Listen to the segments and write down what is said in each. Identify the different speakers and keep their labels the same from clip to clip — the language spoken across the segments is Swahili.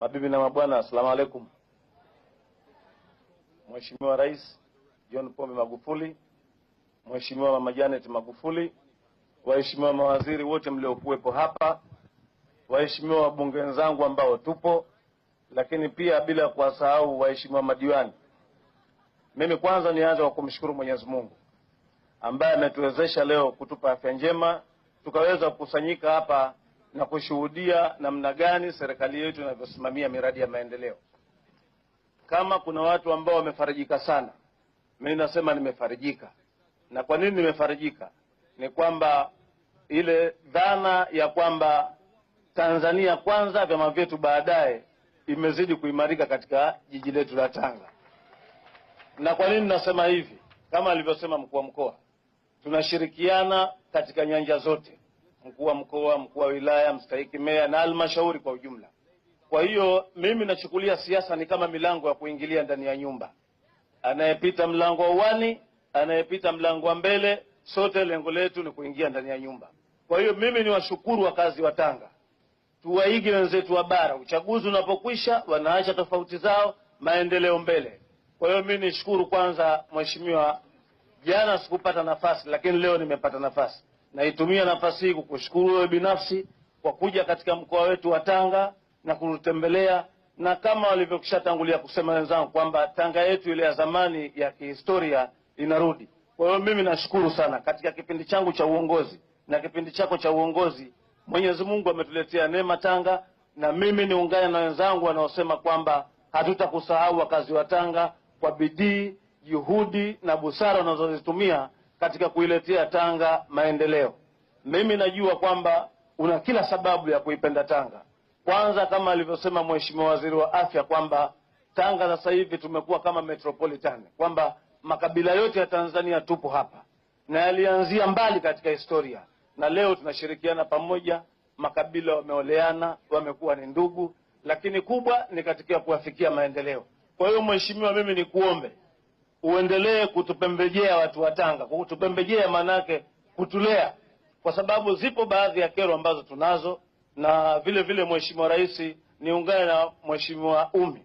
Speaker 1: Mabibi na mabwana, asalamu alaikum. Mheshimiwa Rais John Pombe Magufuli, Mheshimiwa Mama Janet Magufuli, waheshimiwa mawaziri wote mliokuwepo hapa, waheshimiwa wabunge wenzangu ambao tupo, lakini pia bila kuwasahau waheshimiwa madiwani. Mimi kwanza nianze kwa kumshukuru Mwenyezi Mungu ambaye ametuwezesha leo kutupa afya njema tukaweza kukusanyika hapa na kushuhudia namna gani serikali yetu inavyosimamia miradi ya maendeleo. Kama kuna watu ambao wamefarijika sana, mimi nasema nimefarijika. Na kwa nini nimefarijika? Ni kwamba ile dhana ya kwamba Tanzania kwanza, vyama vyetu baadaye, imezidi kuimarika katika jiji letu la Tanga. Na kwa nini nasema hivi? Kama alivyosema mkuu wa mkoa, tunashirikiana katika nyanja zote mkuu wa mkoa, mkuu wa wilaya, mstahiki meya na halmashauri kwa ujumla. Kwa hiyo mimi nachukulia siasa ni kama milango ya kuingilia ndani ya nyumba, anayepita mlango wa uwani, anayepita mlango wa mbele, sote lengo letu ni kuingia ndani ya nyumba. Kwa hiyo mimi ni washukuru wakazi wa Tanga, tuwaige wenzetu wa bara. Uchaguzi unapokwisha, wanaacha tofauti zao, maendeleo mbele. Kwa hiyo mimi nishukuru kwanza, mheshimiwa, jana sikupata nafasi, lakini leo nimepata nafasi. Naitumia nafasi hii kukushukuru wewe binafsi kwa kuja katika mkoa wetu wa Tanga na kututembelea, na kama walivyokishatangulia kusema wenzangu kwamba Tanga yetu ile ya zamani ya kihistoria inarudi. Kwa hiyo mimi nashukuru sana katika kipindi changu cha uongozi na kipindi chako cha uongozi, Mwenyezi Mungu ametuletea neema Tanga, na mimi niungane na wenzangu wanaosema kwamba hatutakusahau wakazi wa Tanga kwa bidii, juhudi na busara wanazozitumia katika kuiletea Tanga maendeleo. Mimi najua kwamba una kila sababu ya kuipenda Tanga. Kwanza, kama alivyosema Mheshimiwa Waziri wa Afya kwamba Tanga sasa hivi tumekuwa kama metropolitan, kwamba makabila yote ya Tanzania tupo hapa na yalianzia mbali katika historia, na leo tunashirikiana pamoja. Makabila wameoleana, wamekuwa ni ndugu, lakini kubwa ni katika kuafikia maendeleo. Kwa hiyo, Mheshimiwa, mimi nikuombe uendelee kutupembejea watu wa Tanga. Kutupembejea maanake kutulea, kwa sababu zipo baadhi ya kero ambazo tunazo, na vile vile Mheshimiwa Rais, niungane na Mheshimiwa Umi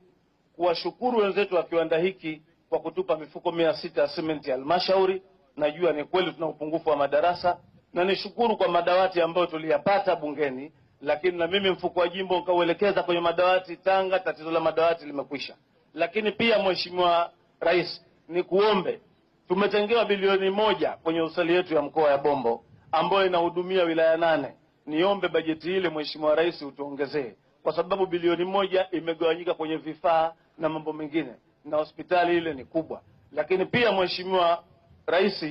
Speaker 1: kuwashukuru wenzetu wa kiwanda hiki kwa kutupa mifuko mia sita ya simenti ya halmashauri. Najua ni kweli tuna upungufu wa madarasa, na nishukuru kwa madawati ambayo tuliyapata bungeni, lakini na mimi mfuko wa jimbo ukauelekeza kwenye madawati Tanga, tatizo la madawati limekwisha. Lakini pia Mheshimiwa Rais ni kuombe, tumetengewa bilioni moja kwenye hospitali yetu ya mkoa ya Bombo ambayo inahudumia wilaya nane. Niombe bajeti ile, Mheshimiwa Rais, utuongezee kwa sababu bilioni moja imegawanyika kwenye vifaa na mambo mengine, na hospitali ile ni kubwa. Lakini pia Mheshimiwa Rais,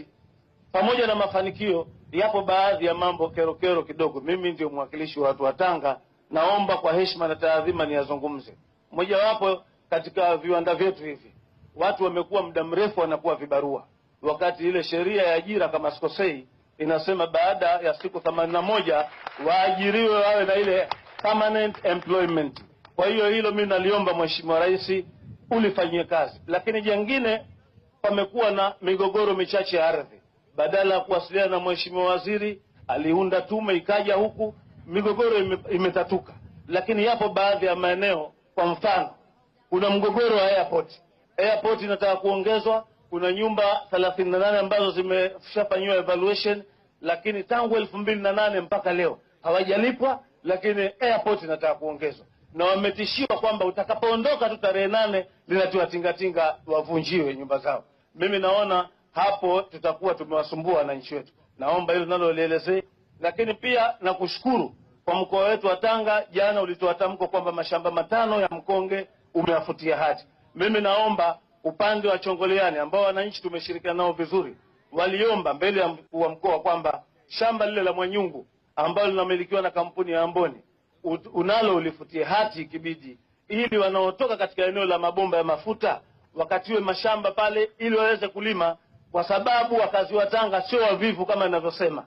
Speaker 1: pamoja na mafanikio, yapo baadhi ya mambo kero kero kidogo. Mimi ndio mwakilishi wa watu wa Tanga, naomba kwa heshima na taadhima niyazungumze. Mojawapo katika viwanda vyetu hivi watu wamekuwa muda mrefu wanakuwa vibarua, wakati ile sheria ya ajira kama sikosei inasema baada ya siku themanini na moja waajiriwe wawe na ile permanent employment. Kwa hiyo hilo mi naliomba Mheshimiwa Rais ulifanyie kazi, lakini jengine pamekuwa na migogoro michache ya ardhi, badala ya kuwasiliana na mheshimiwa waziri aliunda tume ikaja huku, migogoro imetatuka. Lakini yapo baadhi ya maeneo, kwa mfano kuna mgogoro wa airport airport inataka kuongezwa. Kuna nyumba 38 ambazo zimeshafanyiwa evaluation, lakini tangu elfu mbili na nane mpaka leo hawajalipwa, lakini airport inataka kuongezwa na wametishiwa kwamba utakapoondoka tu tarehe nane linatiwa tingatinga wavunjiwe nyumba zao. Mimi naona hapo tutakuwa tumewasumbua wananchi wetu, naomba hilo nalo lielezee. Lakini pia nakushukuru kwa mkoa wetu wa Tanga, jana ulitoa tamko kwamba mashamba matano ya mkonge umeafutia hati. Mimi naomba upande wa Chongoleani ambao wananchi tumeshirikiana nao vizuri, waliomba mbele ya mkuu wa mkoa kwamba shamba lile la Mwanyungu ambalo linamilikiwa na kampuni ya Amboni unalo ulifutie hati ikibidi, ili wanaotoka katika eneo la mabomba ya mafuta wakatiwe mashamba pale ili waweze kulima, kwa sababu wakazi wa Tanga sio wavivu kama inavyosema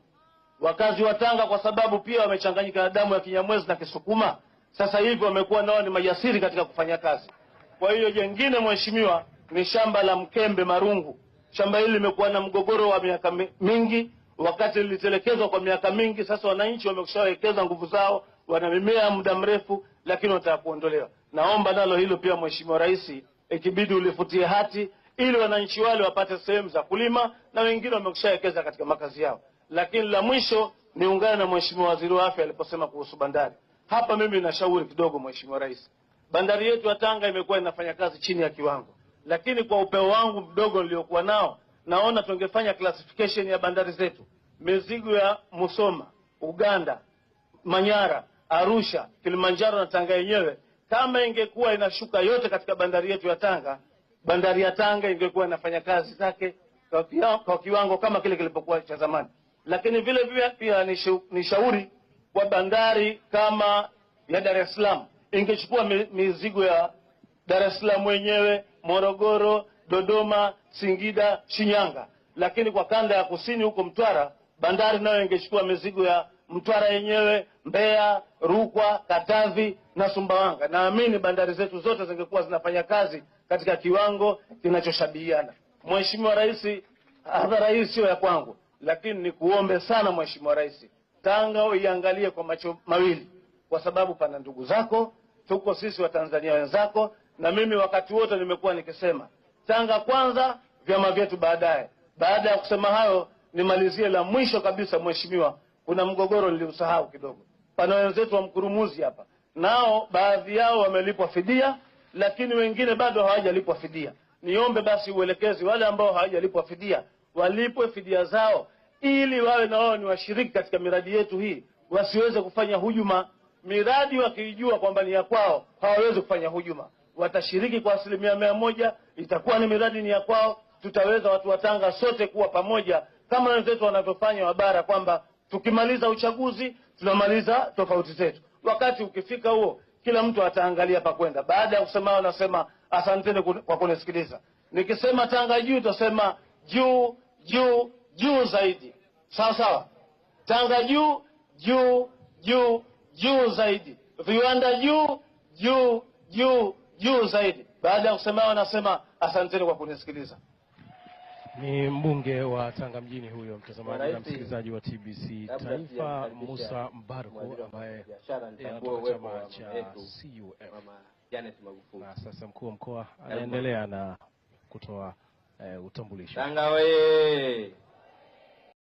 Speaker 1: wakazi wa Tanga, kwa sababu pia wamechanganyika na damu ya Kinyamwezi na Kisukuma. Sasa hivi wamekuwa nao ni majasiri katika kufanya kazi. Kwa hiyo jengine, mheshimiwa, ni shamba la Mkembe Marungu. Shamba hili limekuwa na mgogoro wa miaka mingi, wakati lilitelekezwa kwa miaka mingi. Sasa wananchi wamekushawekeza nguvu zao, wanamimea muda mrefu, lakini wanataka kuondolewa. Naomba nalo hilo pia, mheshimiwa Rais, ikibidi ulifutie hati ili wananchi wale wapate sehemu za kulima na wengine wamekushawekeza katika makazi yao. Lakini la mwisho niungane na mheshimiwa waziri wa afya aliposema kuhusu bandari. Hapa mimi nashauri kidogo, mheshimiwa Rais. Bandari yetu ya Tanga imekuwa inafanya kazi chini ya kiwango, lakini kwa upeo wangu mdogo niliokuwa nao naona tungefanya classification ya bandari zetu, mizigo ya Musoma, Uganda, Manyara, Arusha, Kilimanjaro na Tanga yenyewe, kama ingekuwa inashuka yote katika bandari yetu ya Tanga, bandari ya Tanga ingekuwa inafanya kazi zake kwa kiwango kama kile kilipokuwa cha zamani. Lakini vile vile pia nishauri kwa bandari kama ya Dar es Salaam ingechukua mizigo ya Dar es Salaam wenyewe, Morogoro, Dodoma, Singida, Shinyanga, lakini kwa kanda ya kusini huko Mtwara, bandari nayo ingechukua mizigo ya Mtwara yenyewe, Mbeya, Rukwa, Katavi na Sumbawanga. Naamini bandari zetu zote zingekuwa zinafanya kazi katika kiwango kinachoshabihiana. Mheshimiwa Rais, hadhara hii siyo ya kwangu, lakini nikuombe sana Mheshimiwa Rais, Tanga uiangalie kwa macho mawili, kwa sababu pana ndugu zako tuko sisi Watanzania wenzako, na mimi wakati wote nimekuwa nikisema Tanga kwanza, vyama vyetu baadaye. Baada ya kusema hayo, nimalizie la mwisho kabisa, Mheshimiwa, kuna mgogoro niliusahau kidogo. Pana wenzetu wa Mkurumuzi hapa, nao baadhi yao wamelipwa fidia, lakini wengine bado hawajalipwa fidia. Niombe basi uelekezi wale ambao hawajalipwa fidia walipwe fidia zao, ili wawe na wao ni washiriki katika miradi yetu hii, wasiweze kufanya hujuma miradi wakiijua kwamba ni ya kwao, hawawezi kufanya hujuma, watashiriki kwa asilimia mia moja. Itakuwa ni miradi ni ya kwao, tutaweza watu wa Tanga sote kuwa pamoja kama wenzetu wanavyofanya wabara, kwamba tukimaliza uchaguzi tunamaliza tofauti zetu. Wakati ukifika huo, kila mtu ataangalia pa kwenda. Baada ya kusema, nasema asanteni kwa kunisikiliza. Nikisema Tanga juu, tutasema juu juu juu zaidi, sawa sawa. Tanga juu juu juu juu zaidi, viwanda juu juu juu juu zaidi. Baada ya kusema wanasema asanteni kwa kunisikiliza.
Speaker 2: Ni mbunge wa Tanga mjini huyo, mtazamaji na msikilizaji wa TBC Taifa, Musa mbarko ambaye anatoka chama cha CUF. Na sasa mkuu wa mkoa anaendelea na kutoa eh, utambulisho.
Speaker 1: Tanga weye